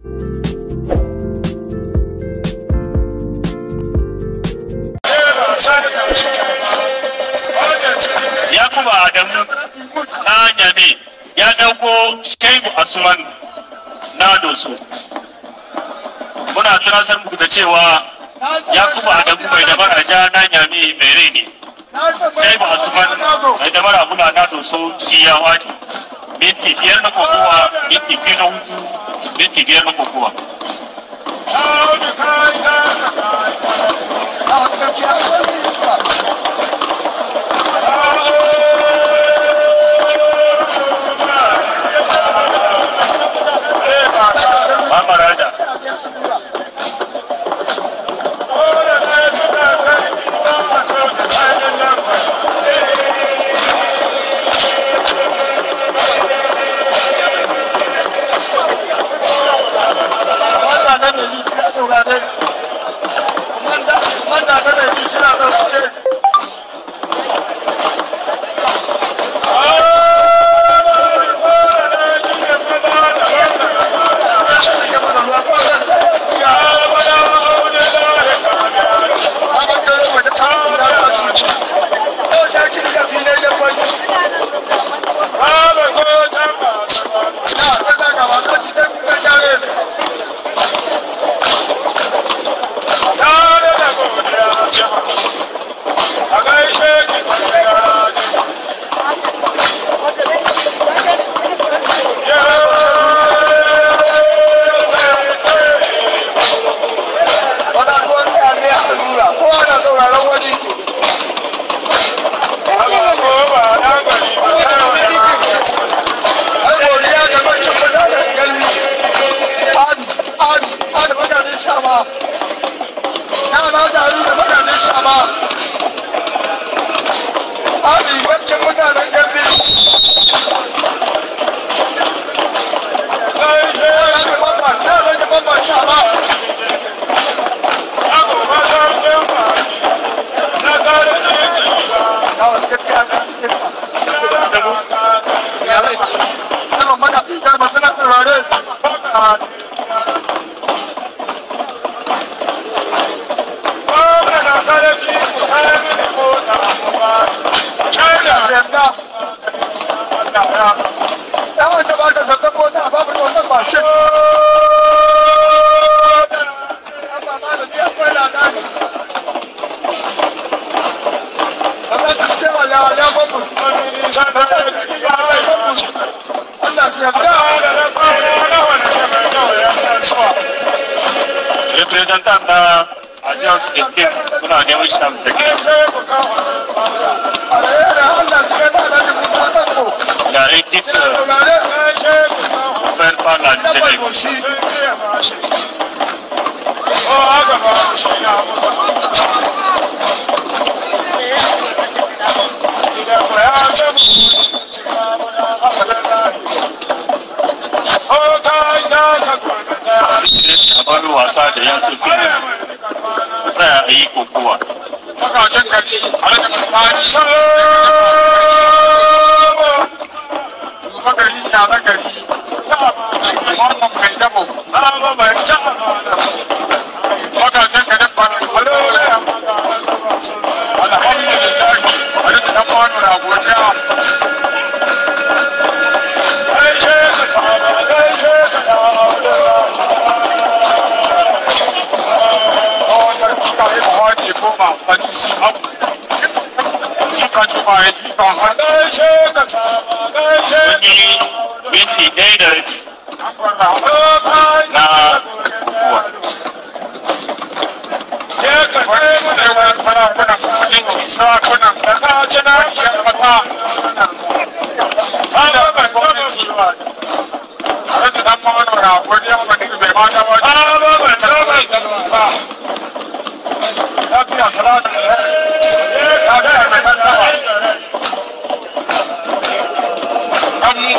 Ya kuma Adamu na Nyame ya dauko Shaibu Asuman na doso. Muna tunasar muku da cewa Yakuba Adamu mai dabara ja na Nyame mai rai ne. Shehu Asuman mai dabara muna na doso shi ya wani Minti biyar na kokowa, minti fi na hutu, yake biya maka kowa Oh, the kind, the kind, the kind. God. Ajans Bikin muna neman shan da gina. Yare duk Fair Fana Jenek. Abin wasa da yankin filin a yi kokowa. Makacin kalli, na wannan mai Alhamdulillah, a rika I'm going to ka tuba ya